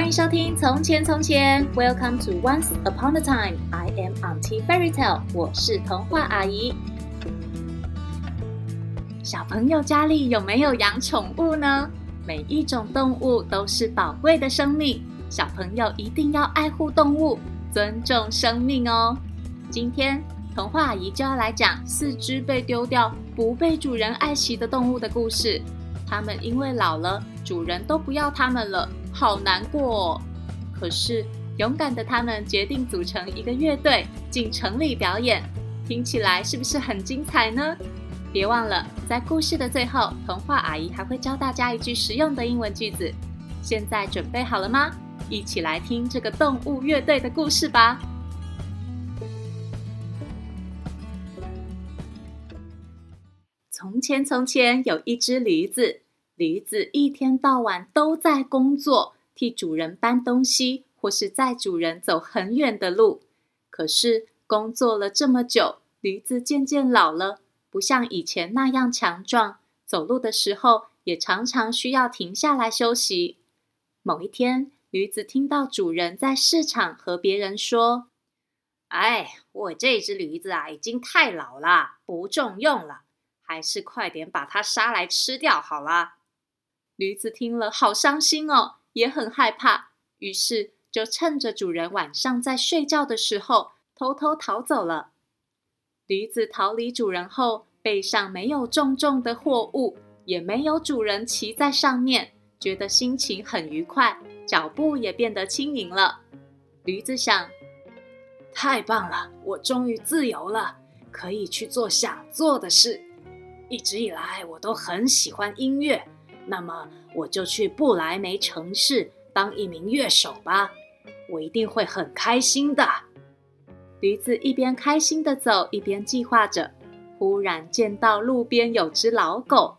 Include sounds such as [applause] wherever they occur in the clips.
歡迎收聽《從前從前》，Welcome to Once Upon a Time。I am Auntie Fairy Tale，我是童話阿姨。小朋友家裡有沒有養寵物呢？每一種動物都是寶貴的生命，小朋友一定要愛護動物，尊重生命哦。今天童話阿姨就要來講四隻被丟掉、不被主人愛惜的動物的故事。它們因為老了，主人都不要它們了。好難過哦，可是勇敢的他們決定組成一個樂隊進城裡表演，聽起來是不是很精彩呢？別忘了，在故事的最後，童話阿姨還會教大家一句實用的英文句子。現在準備好了嗎？一起來聽這個動物樂隊的故事吧。從前，從前有一隻驢子。驢子一天到晚都在工作，替主人搬東西，或是載主人走很遠的路。可是工作了這麼久，驢子漸漸老了，不像以前那樣強壯，走路的時候也常常需要停下來休息。某一天，驢子聽到主人在市場和別人說：“哎，我這只驢子啊，已經太老了，不中用了，還是快點把它殺來吃掉好了。”驢子聽了，好傷心哦，也很害怕，於是就趁着主人晚上在睡覺的時候，偷偷逃走了。驢子逃離主人後，背上沒有重重的貨物，也沒有主人騎在上面，覺得心情很愉快，腳步也變得輕盈了。驢子想：太棒了，我終於自由了，可以去做想做的事。一直以來，我都很喜歡音樂。那麼我就去不來梅城市當一名樂手吧，我一定會很開心的。驢子一邊開心地走，一邊計劃着。忽然見到路邊有只老狗，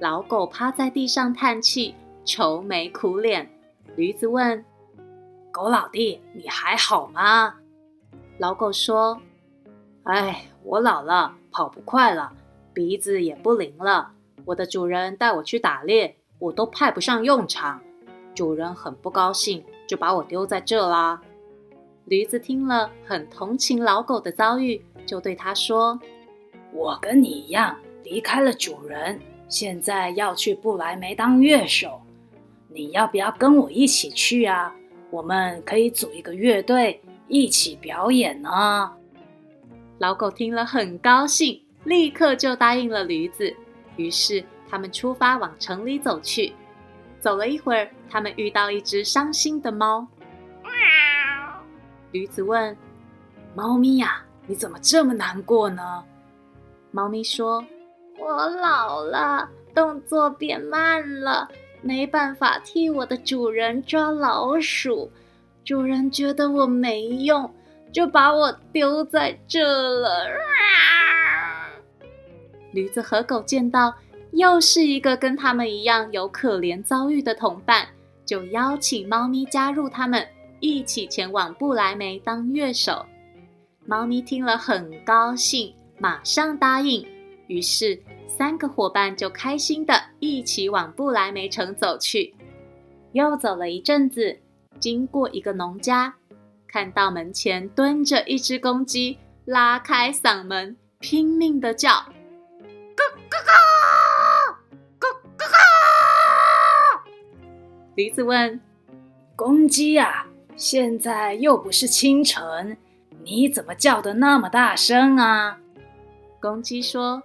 老狗趴在地上嘆氣，愁眉苦臉。驢子問：“狗老弟，你還好嗎？”老狗說：“哎，我老了，跑不快了，鼻子也不靈了。”我的主人帶我去打獵，我都派不上用場，主人很不高興，就把我丟在這啦。驢子聽了很同情老狗的遭遇，就對他說：“我跟你一樣，離開了主人，現在要去不來梅當樂手，你要不要跟我一起去啊？我們可以組一個樂隊，一起表演呢，啊。”老狗聽了很高興，立刻就答應了驢子。於是他們出發往城裡走去。走了一會兒，他們遇到一隻傷心的貓。喵。驢子問：“貓咪呀，你怎麼這麼難過呢？”貓咪說：“我老了，動作變慢了，沒辦法替我的主人抓老鼠。主人覺得我沒用，就把我丟在這了。啊”驢子和狗見到又是一個跟他們一樣有可憐遭遇的同伴，就邀請貓咪加入他們，一起前往不來梅當樂手。貓咪聽了很高興，馬上答應。於是三個夥伴就開心地一起往不來梅城走去。又走了一陣子，經過一個農家，看到門前蹲着一隻公雞，拉開嗓門拼命地叫。哥哥，哥哥！驢子問：“公雞呀、啊，現在又不是清晨，你怎麼叫的那麼大聲啊？”公雞說：“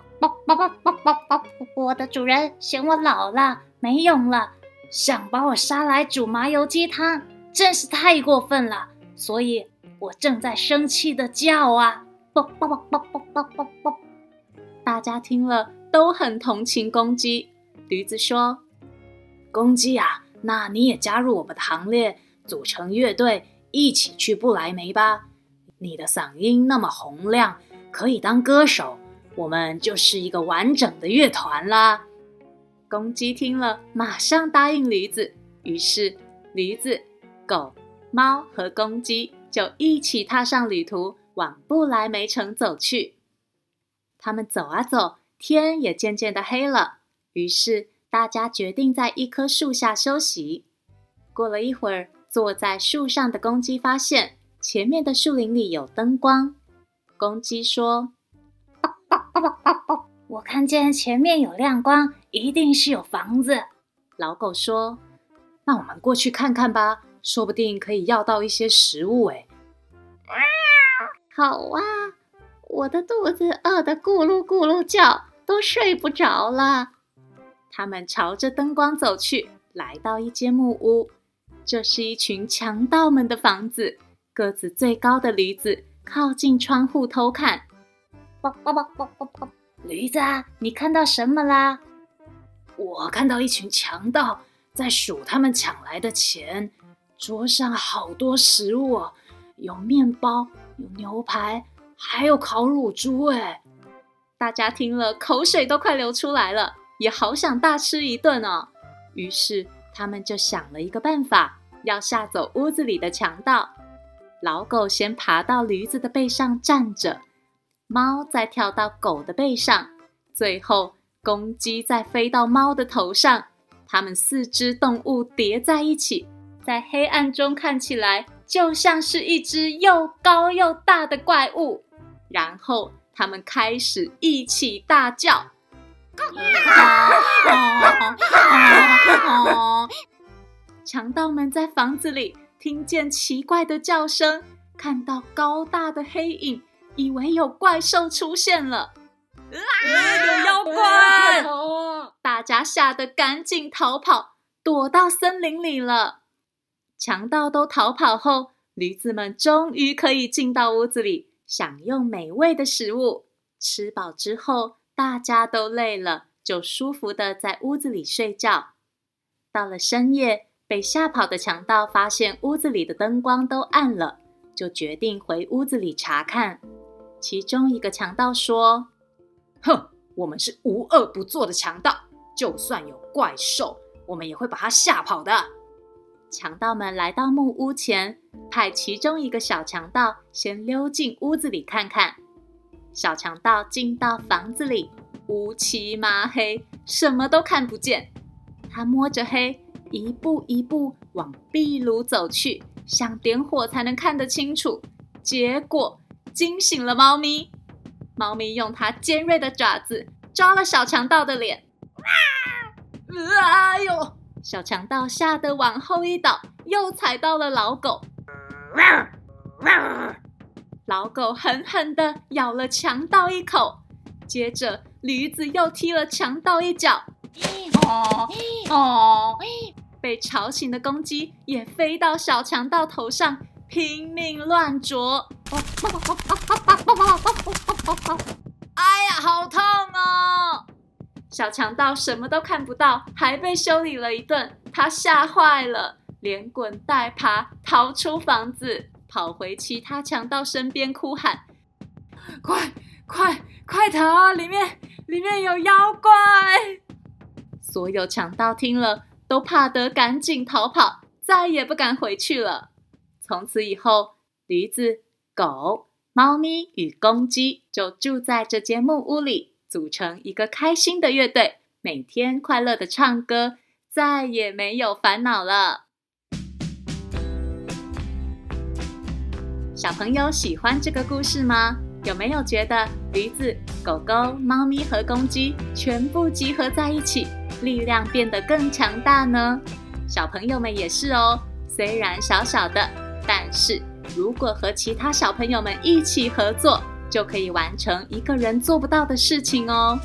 [noise] 我的主人嫌我老了沒用了，想把我殺來煮麻油雞湯，真是太過分了，所以我正在生氣的叫啊！”呱呱呱呱呱呱呱。大家聽了都很同情公雞。驢子說：“公雞呀、啊，那你也加入我們的行列，組成樂隊，一起去不來梅吧。你的嗓音那麼洪亮，可以當歌手。我們就是一個完整的樂團啦。”公雞聽了，馬上答應驢子。於是，驢子、狗、貓和公雞就一起踏上旅途，往不來梅城走去。他們走啊走，天也漸漸的黑了。於是大家決定在一棵樹下休息。過了一會兒，坐在樹上的公雞發現前面的樹林裡有燈光。公雞說、啊啊啊啊：“我看見前面有亮光，一定是有房子。”老狗說：“那我們過去看看吧，說不定可以要到一些食物、欸。啊”哎，好啊。我的肚子餓得咕嚕咕嚕叫，都睡不着了。 [noise] [noise] 他們朝着燈光走去，來到一間木屋，這是一群強盜們的房子。個子最高的驢子靠近窗戶偷看，汪汪汪汪汪汪！驢子， [noise] [noise] 你看到什麼啦？我看到一群強盜在數他們搶來的錢，桌上好多食物，有麵包，有牛排。還有烤乳豬誒，大家聽了口水都快流出來了，也好想大吃一頓哦。於是他們就想了一個辦法，要嚇走屋子裡的強盜。老狗先爬到驢子的背上站着，貓再跳到狗的背上，最後公雞再飛到貓的頭上。它們四隻動物疊在一起，在黑暗中看起來就像是一隻又高又大的怪物。然後他們開始一起大叫：“啊！”強盜們在房子裡聽見奇怪的叫聲，看到高大的黑影，以為有怪獸出現了，有妖怪！大家嚇得趕緊逃跑，躲到森林裡了。強盜都逃跑後，驢子們終於可以進到屋子裡。享用美味的食物，吃飽之後，大家都累了，就舒服的在屋子裡睡覺。到了深夜，被嚇跑的強盜發現屋子裡的燈光都暗了，就決定回屋子裡查看。其中一個強盜說：“哼，我們是無惡不作的強盜，就算有怪獸，我們也會把他嚇跑的。”強盜們來到木屋前，派其中一個小強盜先溜進屋子裡看看。小強盜進到房子裡，烏漆嘛黑，什麼都看不見。他摸着黑，一步一步往壁爐走去，想點火才能看得清楚。結果驚醒了貓咪，貓咪用它尖銳的爪子抓了小強盜的臉，啊、呃，哎呦！小強盜嚇得往後一倒，又踩到了老狗。老狗狠狠的咬了強盜一口，接着驢子又踢了強盜一腳。哦哦。被吵醒的公雞也飛到小強盜頭上，拼命亂啄。哎呀，好疼！小強盜什麼都看不到，還被修理了一頓。他嚇壞了，連滾帶爬逃出房子，跑回其他強盜身邊哭喊：“快快快逃！裡面裡面有妖怪！”所有強盜聽了，都怕得趕緊逃跑，再也不敢回去了。從此以後，驢子、狗、貓咪與公雞就住在這間木屋裡。組成一個開心的樂隊，每天快樂地唱歌，再也沒有煩惱了。小朋友喜歡這個故事嗎？有沒有覺得驢子、狗狗、貓咪和公雞全部集合在一起，力量變得更強大呢？小朋友們也是哦，雖然小小的，但是如果和其他小朋友們一起合作。就可以完成一個人做不到的事情哦。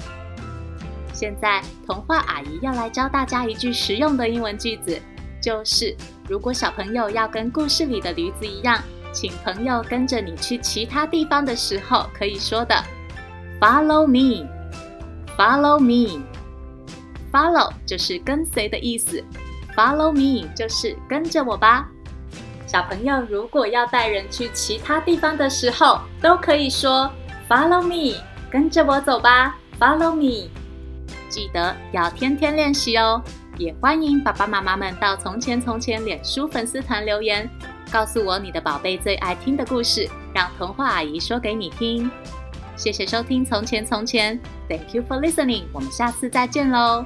現在，童話阿姨要來教大家一句實用的英文句子，就是如果小朋友要跟故事裡的驢子一樣，請朋友跟着你去其他地方的時候，可以說的 “Follow me, follow me”。Follow 就是跟隨的意思，Follow me 就是跟着我吧。小朋友如果要帶人去其他地方的時候，都可以說 “Follow me”，跟着我走吧。Follow me，記得要天天練習哦。也歡迎爸爸媽媽們到“從前從前”臉書粉絲團留言，告訴我你的寶貝最愛聽的故事，讓童話阿姨說給你聽。謝謝收聽《從前從前》，Thank you for listening。我們下次再見嘍。